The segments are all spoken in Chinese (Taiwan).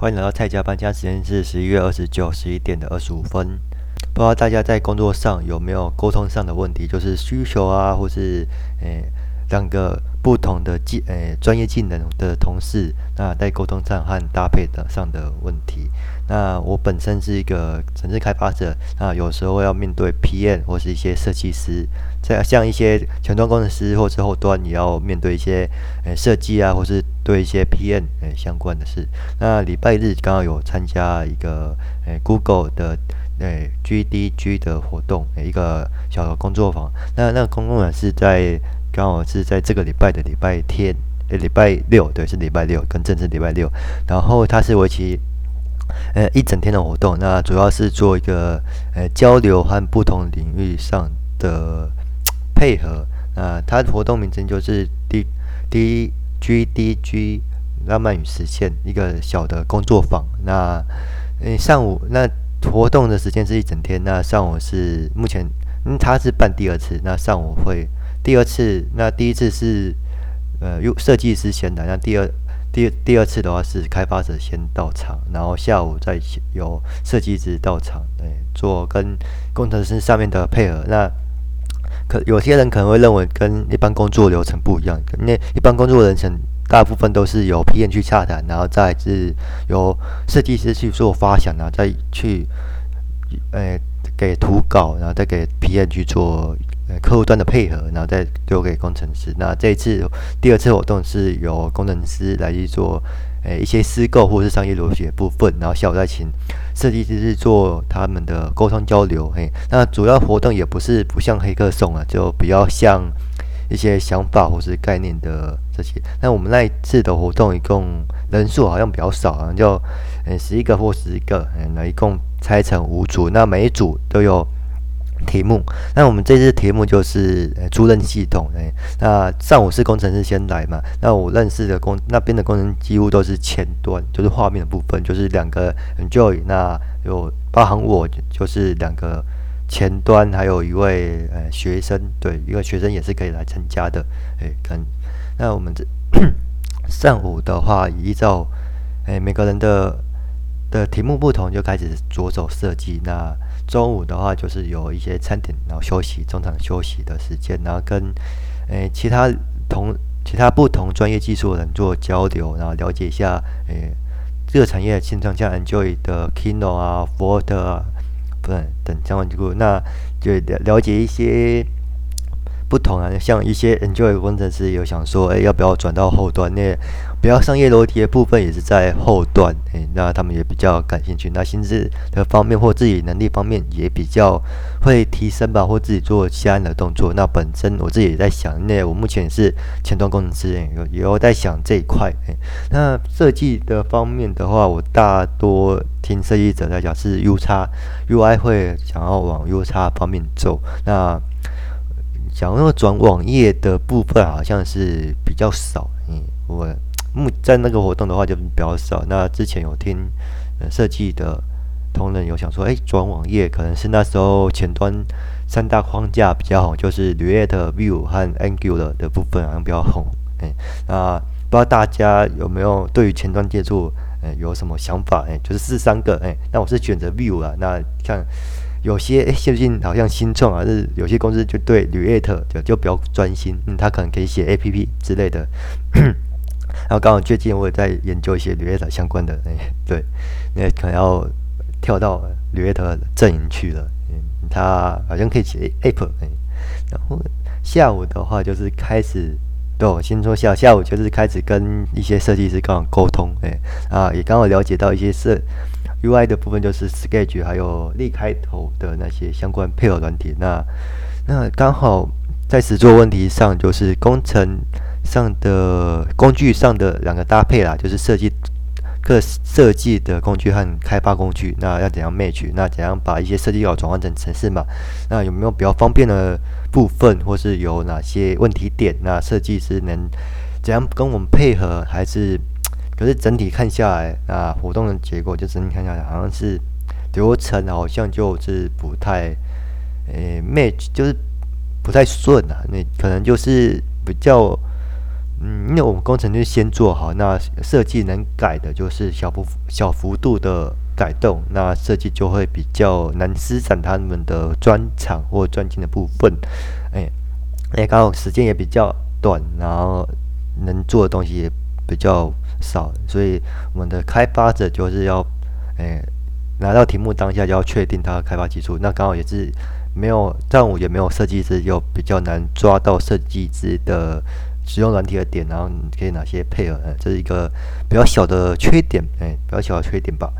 歡迎來到菜雞加班，時間是十一月二十九十一點的二十五分。不知道大家在工作上有沒有溝通上的問題，就是需求啊，或是誒兩個不同的技誒專業技能的同事，那在溝通上和搭配的上的問題。那我本身是一個程式開發者，那有時候要面對 PM 或是一些設計師，在像一些前端工程師或是後端，也要面對一些誒設計啊，或是。做一些 P N 誒相關的事。那禮拜日剛好有參加一個誒、欸、Google 的誒、欸、G D G 的活動，欸、一個小的工作坊。那那個工作坊是在剛好是在這個禮拜的禮拜天誒，禮、欸、拜六對，是禮拜六更正是禮拜六。然後它是為期誒、欸、一整天的活動。那主要是做一個誒、欸、交流和不同領域上的配合。那它的活動名稱就是第第一。G D G 浪漫與現實，一個小的工作坊。那，嗯、欸，上午那活動的時間是一整天。那上午是目前，嗯，他是辦第二次。那上午會第二次，那第一次是，呃，由設計師先來。那第二、第第二次的話是開發者先到場，然後下午再由設計師到場，哎、欸，做跟工程師上面的配合。那可有些人可能會認為跟一般工作流程不一樣，那一般工作流程大部分都是由 PM 去洽談，然後再是由設計師去做發想，然後再去，呃、給圖稿，然後再給 PM 去做，呃、客戶端的配合，然後再丟給工程師。那這一次第二次活動是由工程師來去做。誒、哎，一些私購或是商業邏輯的部分，然後下午再請設計師去做他們的溝通交流。嘿、哎，那主要活動也不是不像黑客松啊，就比較像一些想法或是概念的這些。那我們那一次的活動，一共人數好像比較少、啊，好像就嗯、哎、十一個或十一個，嗯、哎，那一共拆成五組，那每一組都有題目，那我們這次題目就是呃，租賃系統哎。那上午是工程師先來嘛？那我認識的工那邊的工人幾乎都是前端，就是畫面的部分，就是兩個 Enjoy。那有包含我，就是兩個前端，還有一位呃學生，對，一個學生也是可以來參加的誒，跟那我們這上午的話，依照誒每個人的的題目不同，就開始着手設計那。中午的話，就是有一些餐點，然後休息中場休息的時間，然後跟誒、呃、其他同其他不同專業技術的人做交流，然後了解一下誒這個產業的現狀，像 Enjoy 的 Kino 啊、Water 啊，不等相關機構，那就了解一些不同啊，像一些 Enjoy 工程師有想說，誒、呃、要不要轉到後端那，比較商業樓地的部分也是在後端、欸，那他們也比較感興趣。那薪資的方面或自己能力方面也比較會提升吧，或自己做西安的動作。那本身我自己也在想，那我目前是前端工程師，也、欸、有,有在想這一塊、欸。那設計的方面的話，我大多聽設計者在講是 U 叉 UI 會想要往 U 叉方面走。那想要轉網頁的部分好像是比較少，嗯、欸，我。目在那個活動的話就比較少。那之前有聽設計、呃、的同仁有想說，哎、欸，轉網頁可能是那時候前端三大框架比較紅，就是 React、Vue 和 Angular 的部分好像比較紅。哎、欸，那不知道大家有沒有對於前端接觸，哎、欸，有什麼想法？誒、欸，就是這三個，哎、欸，那我是選擇 Vue 啊。那看有些哎，最、欸、信好像新創還、啊、是有些公司就對 React 就就比較專心、嗯，他可能可以寫 A P P 之類的。 然後剛好最近我也在研究一些旅業的相關的，哎、欸，對，那可能要跳到呂越的陣營去了。嗯、欸，他好像可以寫 APP、欸、哎，然後下午的話就是開始，對，我先說下，下午就是開始跟一些設計師剛好溝通，哎、欸，啊，也剛好了解到一些設 UI 的部分，就是 Sketch 還有力開頭的那些相關配合軟件。那那剛好在實作問題上就是工程。上的工具上的兩個搭配啦，就是設計各設計的工具和開發工具，那要怎樣 match？那怎樣把一些設計要轉換成程式？嘛？那有沒有比較方便的部分，或是有哪些問題點？那設計師能怎樣跟我們配合？還是可是整體看下來，啊，活動的結果就整體看下來，好像是流程好像就是不太誒、欸、match，就是不太順啊。那可能就是比較。嗯，因為我們工程就是先做好，那設計能改的就是小幅小幅度的改動，那設計就會比較難施展他們的專長或專精的部分。哎、欸，哎、欸，剛好時間也比較短，然後能做的東西也比較少，所以我們的開發者就是要哎、欸、拿到題目當下就要確定他的開發技術。那剛好也是沒有，但我也沒有設計師，又比較難抓到設計師的。使用軟體的點，然後你可以哪些配合？這是一個比較小的缺點，哎、欸，比較小的缺點吧。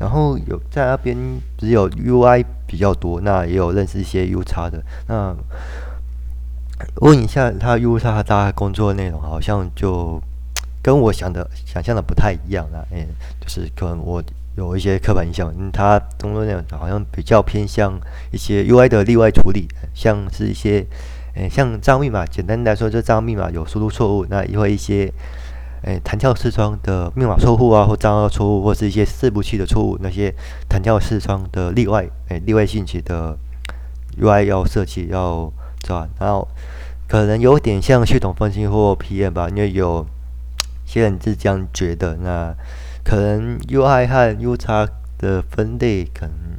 然後有在那邊只有 UI 比較多，那也有認識一些 UX 的。那問一下他 UX 他大概工作內容，好像就跟我想的想象的不太一樣啊。哎、欸，就是可能我有一些刻板印象，因為他工作內容好像比較偏向一些 UI 的例外處理，欸、像是一些。誒、欸，像賬號密碼，簡單來說，就賬號密碼有輸入錯誤，那因為一些誒彈、欸、跳視窗的密碼錯誤啊，或賬號錯誤，或是一些輸入器的錯誤，那些彈跳視窗的例外，誒、欸，例外性質的 UI 要設計要轉，然後可能有點像系統分析或 PM 吧，因為有些人是這樣覺得，那可能 UI 和 u 叉的分類可能，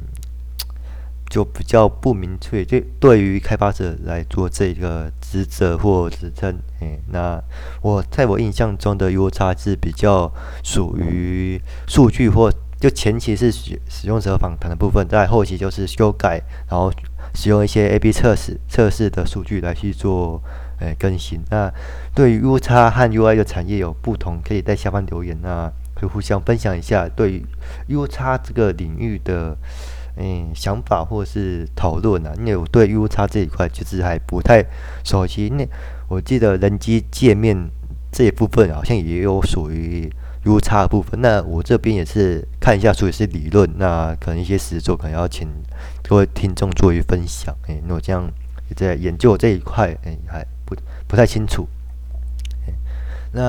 就比較不明確，就對於開發者來做這個職責或職稱、欸，那我在我印象中的 U 叉是比較屬於數據或就前期是使使用者訪談的部分，在後期就是修改，然後使用一些 A P 測試測試的數據來去做、欸，更新。那對於 U 叉和 U I 的產業有不同，可以在下方留言、啊，那可以互相分享一下對 U 叉這個領域的。嗯，想法或是討論啊，因為我對 UX 這一塊其實還不太熟悉。那我記得人機界面，這一部分好像也有屬於 UX 部分。那我這邊也是看一下，屬於是理論。那可能一些實做可能要請各位聽眾做一分享。哎、欸，那我這樣也在研究這一塊，哎、欸，還不不太清楚。欸、那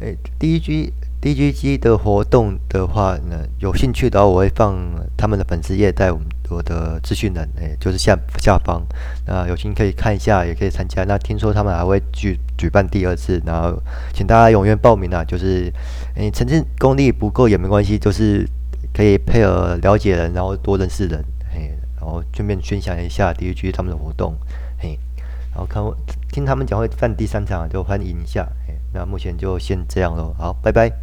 呃第一句。欸 DG, D G G 的活動的話呢，那有興趣的話，我會放他們的粉絲頁在我們我的資訊欄，誒、哎，就是下下方，那有趣可以看一下，也可以參加。那聽說他們還會舉舉辦第二次，然後請大家踴躍報名啊！就是誒，曾、哎、經功力不夠也沒關係，就是可以配合了解人，然後多認識人，誒、哎，然後順便宣享一下 D G G 他們的活動，誒、哎，然後看聽他們講會辦第三場，就歡迎一下，誒、哎，那目前就先這樣咯。好，拜拜。